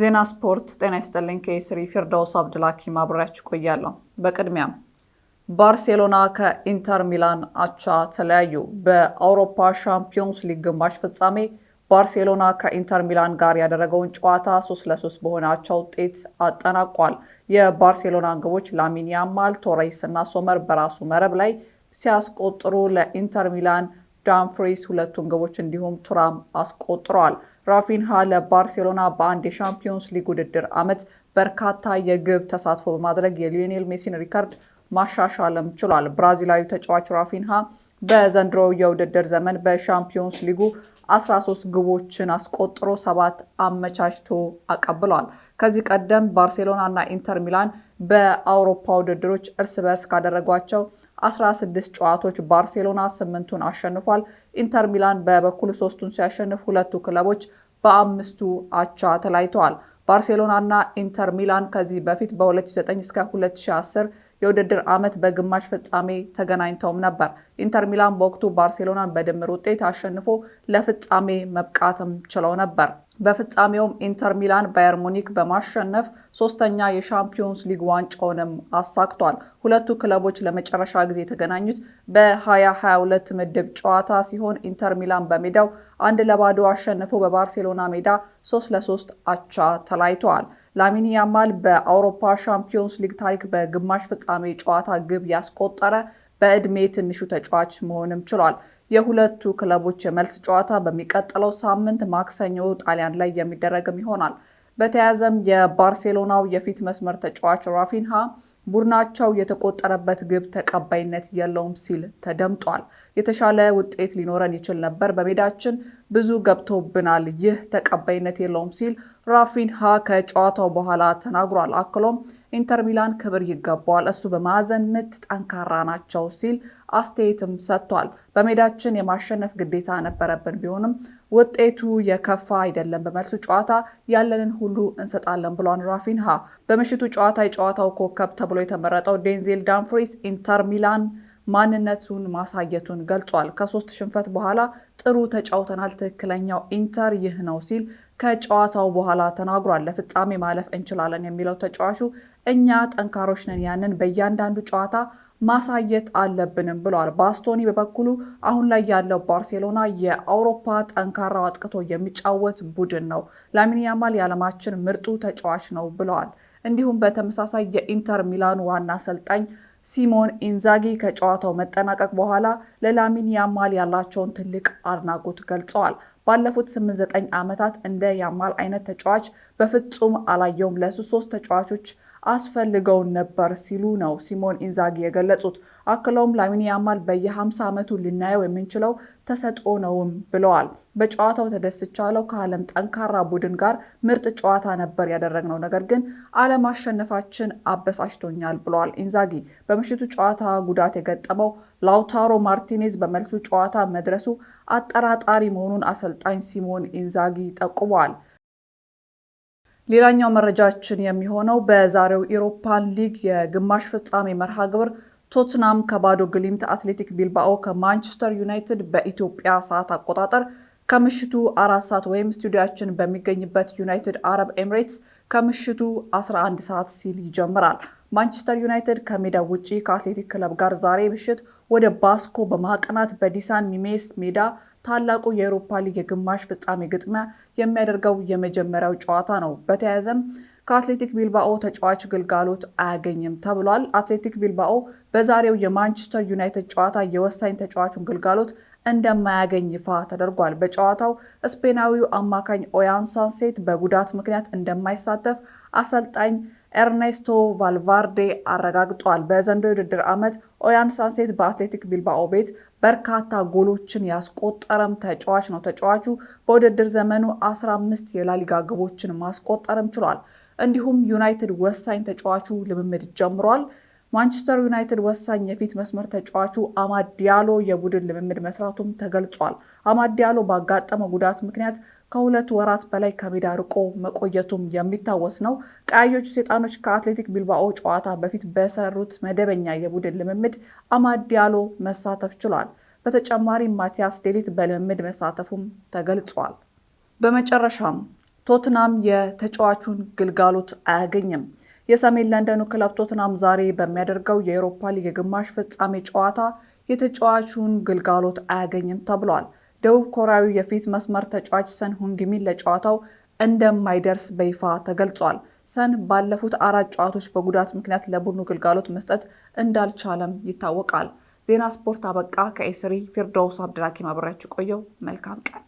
ዜና ስፖርት። ጤና ይስጥልኝ። ከኢስሪ ፊርዳውስ አብድላኪ አብሬያችሁ ቆያለሁ። በቅድሚያም ባርሴሎና ከኢንተር ሚላን አቻ ተለያዩ። በአውሮፓ ሻምፒዮንስ ሊግ ግማሽ ፍጻሜ ባርሴሎና ከኢንተር ሚላን ጋር ያደረገውን ጨዋታ 3 ለ3 በሆነ አቻ ውጤት አጠናቋል። የባርሴሎና ግቦች ላሚን ያማል፣ ቶሬስ እና ሶመር በራሱ መረብ ላይ ሲያስቆጥሩ ለኢንተር ሚላን ዳምፍሪስ ሁለቱን ግቦች እንዲሁም ቱራም አስቆጥረዋል። ራፊንሃ ለባርሴሎና በአንድ የሻምፒዮንስ ሊግ ውድድር ዓመት በርካታ የግብ ተሳትፎ በማድረግ የሊዮኔል ሜሲን ሪካርድ ማሻሻልም ችሏል። ብራዚላዊ ተጫዋች ራፊንሃ በዘንድሮ የውድድር ዘመን በሻምፒዮንስ ሊጉ 13 ግቦችን አስቆጥሮ ሰባት አመቻችቶ አቀብሏል። ከዚህ ቀደም ባርሴሎና እና ኢንተር ሚላን በአውሮፓ ውድድሮች እርስ በርስ ካደረጓቸው 16 ጨዋታዎች ባርሴሎና ስምንቱን አሸንፏል። ኢንተር ሚላን በበኩል ሶስቱን ሲያሸንፍ ሁለቱ ክለቦች በአምስቱ አቻ ተለያይተዋል። ባርሴሎና እና ኢንተር ሚላን ከዚህ በፊት በ2009 እስከ 2010 የውድድር ዓመት በግማሽ ፍጻሜ ተገናኝተውም ነበር። ኢንተር ሚላን በወቅቱ ባርሴሎናን በድምር ውጤት አሸንፎ ለፍጻሜ መብቃትም ችለው ነበር። በፍጻሜውም ኢንተር ሚላን ባየር ሙኒክ በማሸነፍ ሶስተኛ የሻምፒዮንስ ሊግ ዋንጫውንም አሳክቷል። ሁለቱ ክለቦች ለመጨረሻ ጊዜ የተገናኙት በ2022 ምድብ ጨዋታ ሲሆን ኢንተር ሚላን በሜዳው አንድ ለባዶ አሸንፎ በባርሴሎና ሜዳ 3 ለ3 አቻ ተለያይተዋል። ላሚን ያማል በአውሮፓ ሻምፒዮንስ ሊግ ታሪክ በግማሽ ፍጻሜ ጨዋታ ግብ ያስቆጠረ በዕድሜ ትንሹ ተጫዋች መሆንም ችሏል። የሁለቱ ክለቦች የመልስ ጨዋታ በሚቀጥለው ሳምንት ማክሰኞ ጣሊያን ላይ የሚደረግም ይሆናል። በተያያዘም የባርሴሎናው የፊት መስመር ተጫዋች ራፊንሃ ቡድናቸው የተቆጠረበት ግብ ተቀባይነት የለውም ሲል ተደምጧል። የተሻለ ውጤት ሊኖረን ይችል ነበር፣ በሜዳችን ብዙ ገብቶብናል፣ ይህ ተቀባይነት የለውም ሲል ራፊንሃ ከጨዋታው በኋላ ተናግሯል። አክሎም ኢንተር ሚላን ክብር ይገባዋል፣ እሱ በማዕዘን ምት ጠንካራ ናቸው ሲል አስተያየትም ሰጥቷል። በሜዳችን የማሸነፍ ግዴታ ነበረብን፣ ቢሆንም ውጤቱ የከፋ አይደለም። በመልሱ ጨዋታ ያለንን ሁሉ እንሰጣለን ብሏን ራፊንሃ። በምሽቱ ጨዋታ የጨዋታው ኮከብ ተብሎ የተመረጠው ዴንዜል ዳምፍሪስ ኢንተር ሚላን ማንነቱን ማሳየቱን ገልጿል። ከሶስት ሽንፈት በኋላ ጥሩ ተጫውተናል፣ ትክክለኛው ኢንተር ይህ ነው ሲል ከጨዋታው በኋላ ተናግሯል። ለፍጻሜ ማለፍ እንችላለን የሚለው ተጫዋቹ እኛ ጠንካሮች ነን፣ ያንን በእያንዳንዱ ጨዋታ ማሳየት አለብንም ብለዋል። ባስቶኒ በበኩሉ አሁን ላይ ያለው ባርሴሎና የአውሮፓ ጠንካራ አጥቅቶ የሚጫወት ቡድን ነው፣ ላሚን ያማል የዓለማችን ምርጡ ተጫዋች ነው ብለዋል። እንዲሁም በተመሳሳይ የኢንተር ሚላኑ ዋና አሰልጣኝ ሲሞን ኢንዛጊ ከጨዋታው መጠናቀቅ በኋላ ለላሚን ያማል ያላቸውን ትልቅ አድናቆት ገልጸዋል። ባለፉት 89 ዓመታት እንደ ያማል አይነት ተጫዋች በፍጹም አላየውም። ለሱ ሶስት ተጫዋቾች አስፈልገውን ነበር ሲሉ ነው ሲሞን ኢንዛጊ የገለጹት። አክለውም ላሚን ያማል በየ50 ዓመቱ ልናየው የምንችለው ተሰጥኦ ነውም ብለዋል። በጨዋታው ተደስቻለሁ። ከዓለም ጠንካራ ቡድን ጋር ምርጥ ጨዋታ ነበር ያደረግነው፣ ነገር ግን አለማሸነፋችን አበሳጭቶኛል ብለዋል ኢንዛጊ። በምሽቱ ጨዋታ ጉዳት የገጠመው ላውታሮ ማርቲኔዝ በመልሱ ጨዋታ መድረሱ አጠራጣሪ መሆኑን አሰልጣኝ ሲሞን ኢንዛጊ ጠቁመዋል። ሌላኛው መረጃችን የሚሆነው በዛሬው ኢሮፓን ሊግ የግማሽ ፍጻሜ መርሃ ግብር ቶትናም ከባዶ ግሊምት አትሌቲክ ቢልባኦ ከማንቸስተር ዩናይትድ በኢትዮጵያ ሰዓት አቆጣጠር ከምሽቱ አራት ሰዓት ወይም ስቱዲያችን በሚገኝበት ዩናይትድ አረብ ኤምሬትስ ከምሽቱ 11 ሰዓት ሲል ይጀምራል። ማንቸስተር ዩናይትድ ከሜዳ ውጪ ከአትሌቲክ ክለብ ጋር ዛሬ ምሽት ወደ ባስኮ በማቅናት በዲሳን ሚሜስ ሜዳ ታላቁ የአውሮፓ ሊግ የግማሽ ፍጻሜ ግጥሚያ የሚያደርገው የመጀመሪያው ጨዋታ ነው። በተያያዘም ከአትሌቲክ ቢልባኦ ተጫዋች ግልጋሎት አያገኝም ተብሏል። አትሌቲክ ቢልባኦ በዛሬው የማንቸስተር ዩናይትድ ጨዋታ የወሳኝ ተጫዋቹን ግልጋሎት እንደማያገኝ ይፋ ተደርጓል። በጨዋታው ስፔናዊው አማካኝ ኦያን ሳንሴት በጉዳት ምክንያት እንደማይሳተፍ አሰልጣኝ ኤርኔስቶ ቫልቫርዴ አረጋግጧል። በዘንድሮው የውድድር ዓመት ኦያን ሳንሴት በአትሌቲክ ቢልባኦ ቤት በርካታ ጎሎችን ያስቆጠረም ተጫዋች ነው። ተጫዋቹ በውድድር ዘመኑ 15 የላሊጋ ግቦችን ማስቆጠርም ችሏል። እንዲሁም ዩናይትድ ወሳኝ ተጫዋቹ ልምምድ ጀምሯል። ማንቸስተር ዩናይትድ ወሳኝ የፊት መስመር ተጫዋቹ አማድ ዲያሎ የቡድን ልምምድ መስራቱም ተገልጿል። አማድ ዲያሎ ባጋጠመው ጉዳት ምክንያት ከሁለት ወራት በላይ ከሜዳ ርቆ መቆየቱም የሚታወስ ነው። ቀያዮቹ ሰይጣኖች ከአትሌቲክ ቢልባኦ ጨዋታ በፊት በሰሩት መደበኛ የቡድን ልምምድ አማዲያሎ መሳተፍ ችሏል። በተጨማሪም ማቲያስ ዴሊት በልምምድ መሳተፉም ተገልጿል። በመጨረሻም ቶትናም የተጫዋቹን ግልጋሎት አያገኝም። የሰሜን ለንደኑ ክለብ ቶትናም ዛሬ በሚያደርገው የአውሮፓ ሊግ የግማሽ ፍጻሜ ጨዋታ የተጫዋቹን ግልጋሎት አያገኝም ተብሏል። ደቡብ ኮሪያዊ የፊት መስመር ተጫዋች ሰን ሁንግሚን ለጨዋታው እንደማይደርስ በይፋ ተገልጿል። ሰን ባለፉት አራት ጨዋታዎች በጉዳት ምክንያት ለቡድኑ ግልጋሎት መስጠት እንዳልቻለም ይታወቃል። ዜና ስፖርት አበቃ። ከኤስሪ ፊርዶውስ አብድራኪም አብሬያችሁ ቆየው። መልካም ቀን